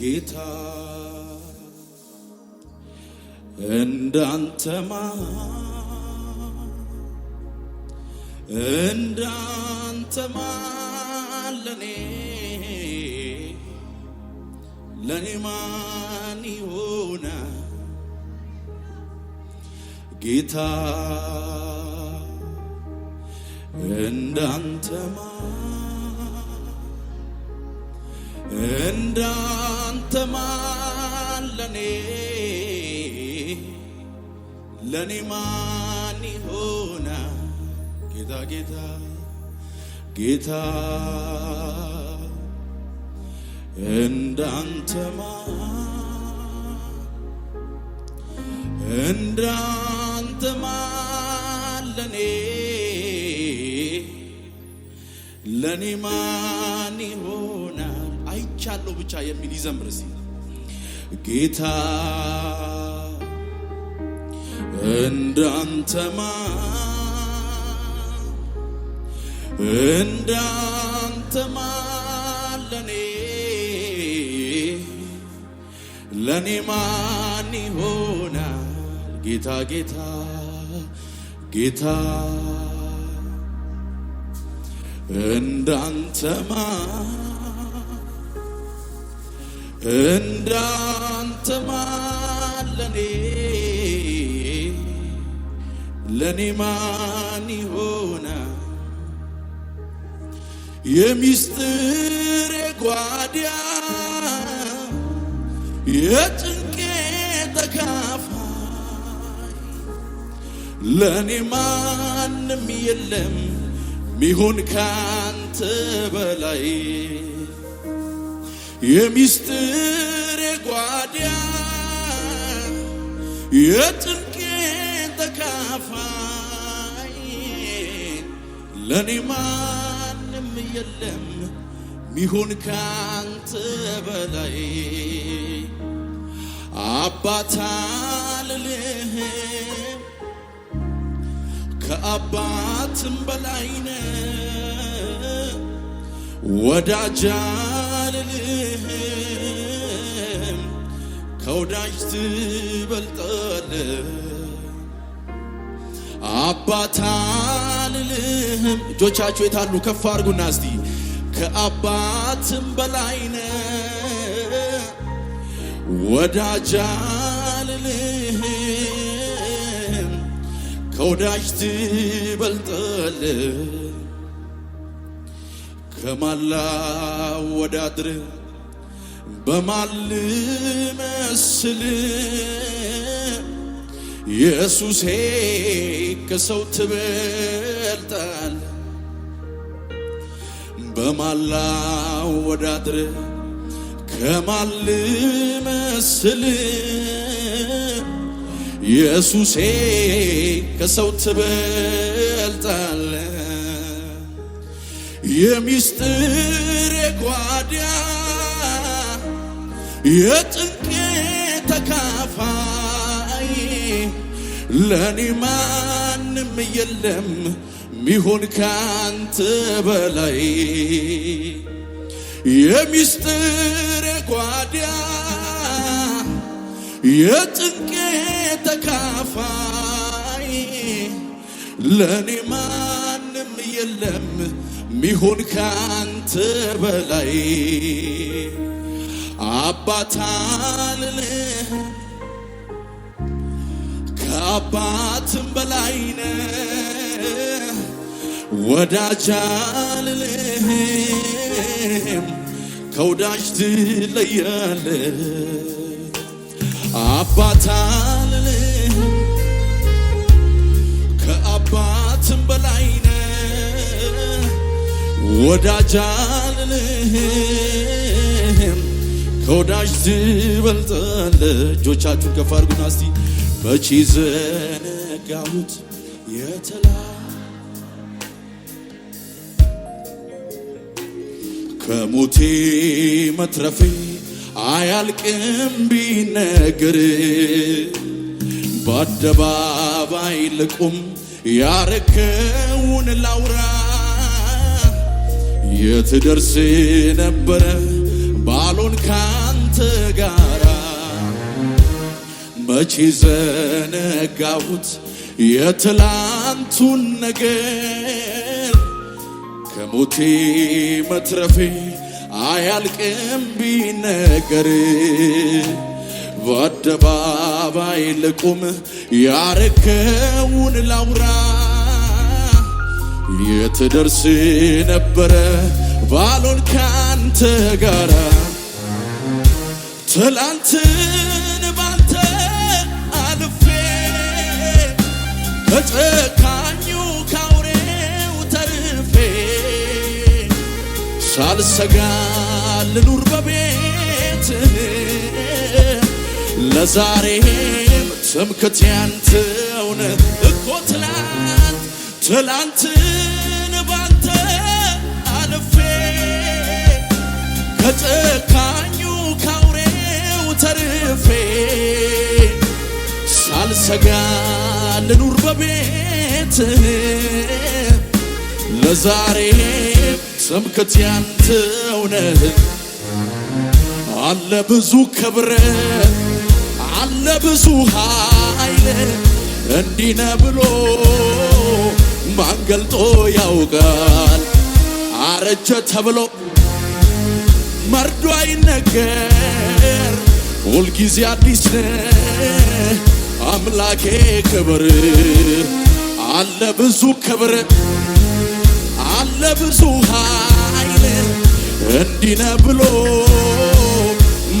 ጌታ እንዳንተማ እንዳንተማ ለኔ ለኔ ማን ይሆና ጌታ እንዳንተማ እንዳንተ ማን ለኔ ለኔ ማን ጌታ ጌታ ጌታ እንዳንተ ማን እንዳንተ ማን ለኔ ለኔ ማን አይቻለሁ ብቻ የሚል ይዘምር እስኪ። ጌታ እንዳንተማ እንዳንተማ ለኔ ለኔ ማን ይሆናል? ጌታ ጌታ ጌታ እንዳንተማ እንዳንተማ ለኔ ለኔ ማን ይሆና የሚስጥር ጓዳ የጭንቄ ተካፋይ ለኔ ማንም የለም ሚሆን ካንተ በላይ የሚስጥር ጓዳ የጥንቄ ተካፋይ ለኔ ማንም የለም ሚሆን ካንተ በላይ አባት አልልህም ከአባትም በላይ ወዳጃ አልችልም ከወዳጅ ትበልጣለ አባት እጆቻችሁ የታሉ? ከፍ አድርጉና እስቲ ከአባትም በላይነ ወዳጅ ከወዳጅ ከማላወዳድር በማልመስል ኢየሱሴ ከሰው ትበልጣል በማላወዳድር ከማልመስል ኢየሱሴ ከሰው ትበልጣል የሚስጥር ጓዳ የጥንቄ ተካፋይ ለኔ ማንም የለም ሚሆን ካንተ በላይ የሚስጥር ጓዳ የጥንቄ ተካፋይ ለኔ ማንም የለም ሚሆን ካንተ በላይ አባታልን ከአባትም በላይነ ወዳጃልልህም ከወዳጅ ትለያለ አባታልልህም ከአባትም በላይ ወዳጅ አልልህም ከወዳጅ ትበልጣለ። እጆቻችሁን ከፍ አድርጉና እስቲ መቼ ዘነጋሁት የተላ ከሞቴ መትረፌ አያልቅም ቢነገር በአደባባይ ልቁም ያረከውን ላውራ የት ደርስ ነበረ ባሎን ካንተ ጋራ መቼ ዘነጋሁት የትላንቱን ነገር ከሞቴ መትረፌ አያልቅም ቢነገር በአደባባይ ልቁም ያረከውን ላውራ የት ደርስ ነበረ ባሎን ካንተ ጋራ ትላንትን ባንተ አልፌ ከጨካኙ ካውሬው ተርፌ ሳልሰጋ ልኑር በቤት ለዛሬም ትምክት ያንተው ነው እኮ ትላንት ትላንትን ባንተ አልፌ ከጨካኙ ካውሬው ተርፌ ሳልሰጋ ልኑር በቤት ለዛሬ ስምክት ያንተው ነህ አለ ብዙ ክብር አለ ብዙ ኃይል እንዲነ ብሎ ማን ገልጦ ያውቃል? አረጀ ተብሎ መርዶ አይነገር። ሁልጊዜ አዲስ ነ አምላኬ። ክብር አለ ብዙ ክብር አለ ብዙ ኃይል እንዲነ ብሎ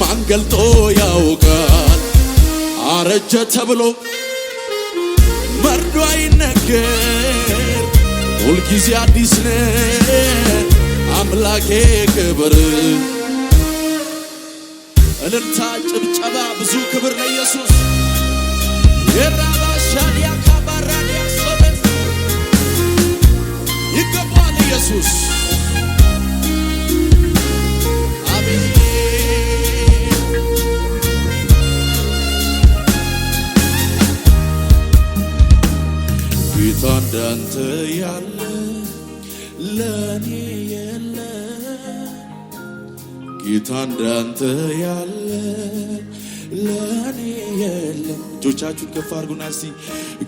ማን ገልጦ ያውቃል? አረጀ ተብሎ መርዶ አይነገር ሁልጊዜ አዲስ ነ አምላኬ ክብር እልልታ፣ ጭብጨባ፣ ብዙ ክብር ለኢየሱስ የራባ ሻዲያ ካባራዲያ ሶቤ ይገባዋል ኢየሱስ ታንዳንተ ያለ ለኔ የለ ጌታ እንዳንተ ያለ ለኔ የለ። እጆቻችሁን ከፍ አድርጉና እስቲ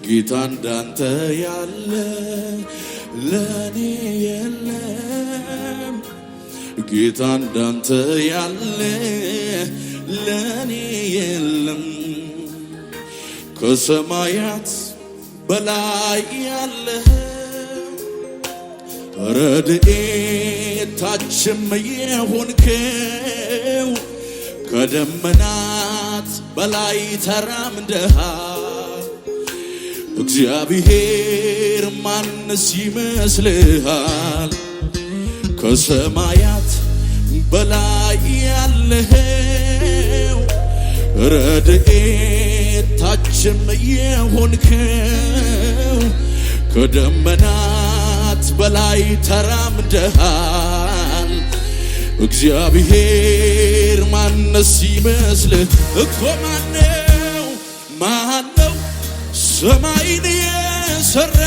ጌታ እንዳንተ ያለ ለኔ የለም። ጌታ እንዳንተ ያለ ለኔ የለም ከሰማያት በላይ ያለህ ረድኤት ታችም የሆንክው ከደመናት በላይ ተራምደሃል። እግዚአብሔር ማንስ ይመስልሃል? ከሰማያት በላይ ያለህ ረድኤታችን የሆንከው ከደመናት በላይ ተራምደሃል እግዚአብሔር ማነስ ይመስልህ እኮ ማነው ማነው ሰማይን የሰራ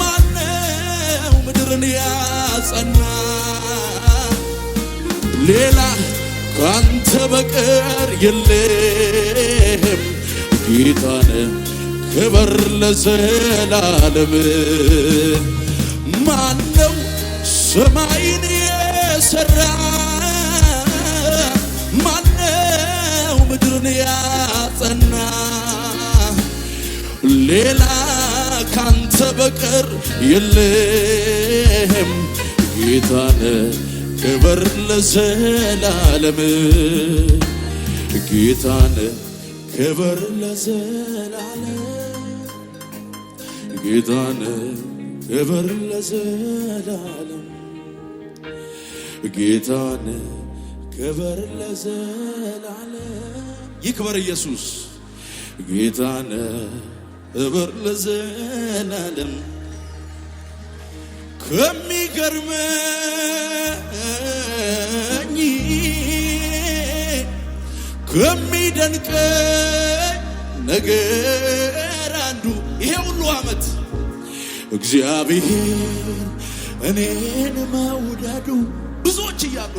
ማነው ምድርን ያጸና ሌላ ካንተ በቀር የለም ጌታነ ክብር ለዘላለም። ማነው ሰማይን የሰራ ማነው ምድርን ያጸና ሌላ ካንተ በቀር የለም ጌታነ ክብር ለዘላለም ጌታን ክብር ለዘላለም ጌታን ክብር ለዘላለም ጌታን ክብር ለዘላለም ይክበር ኢየሱስ ጌታን ክብር ለዘላለም ከሚገርም የሚደንቀኝ ነገር አንዱ ይሄ ሁሉ ዓመት እግዚአብሔር እኔን መውደዱ ብዙዎች እያሉ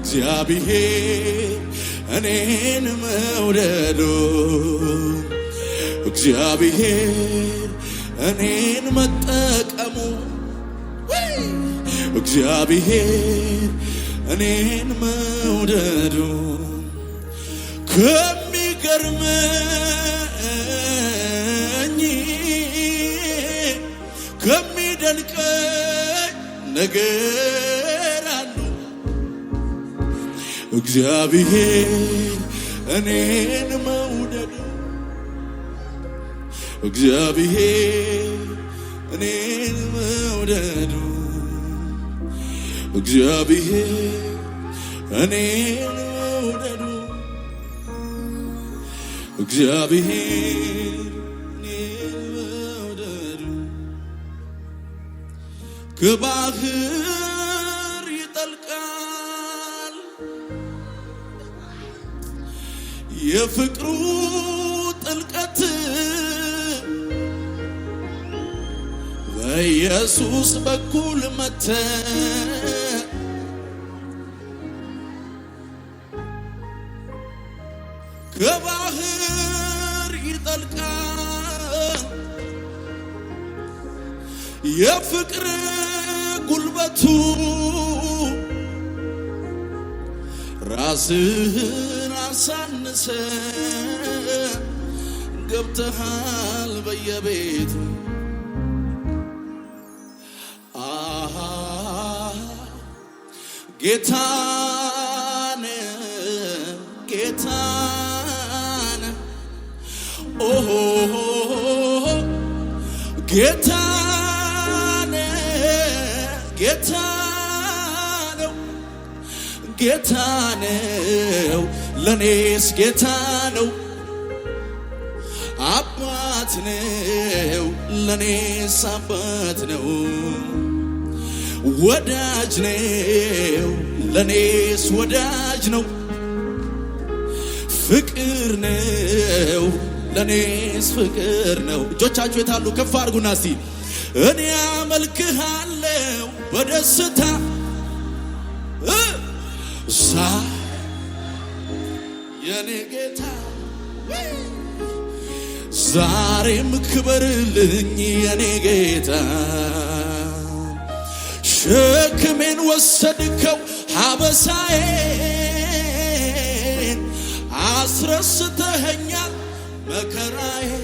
እግዚአብሔር እኔን መውደዱ እግዚአብሔር እኔን መጠቀሙ እግዚአብሔር እኔን መውደዱ ከሚገርመኝ ከሚደንቀኝ ነገር አሉ እግዚአብሔር እኔን እግዚአብሔር እኔን መውደዱ እግዚአብሔር እኔን እግዚአብሔር መውደዱ ከባህር ይጠልቃል የፍቅሩ ጥልቀት በኢየሱስ በኩል መተ ከባህር የፍቅር ጉልበቱ ራስህን አሳንሰ ገብተሃል በየቤቱ ጌታን ጌታን ኦሆ ጌታ ጌታ ነው ጌታ ነው ለኔስ ጌታ ነው አባት ነው ለኔስ አባት ነው ወዳጅ ነው ለኔስ ወዳጅ ነው ፍቅር ነው ለኔስ ፍቅር ነው እጆቻችሁ የታሉ ከፍ አድርጉና እስቲ እኔ አመልክሃለሁ በደስታ ዛ የኔ ጌታ ዛሬም ክበርልኝ የኔ ጌታ ሸክሜን ወሰድከው ሀበሳዬን አስረስተኸኛል መከራዬ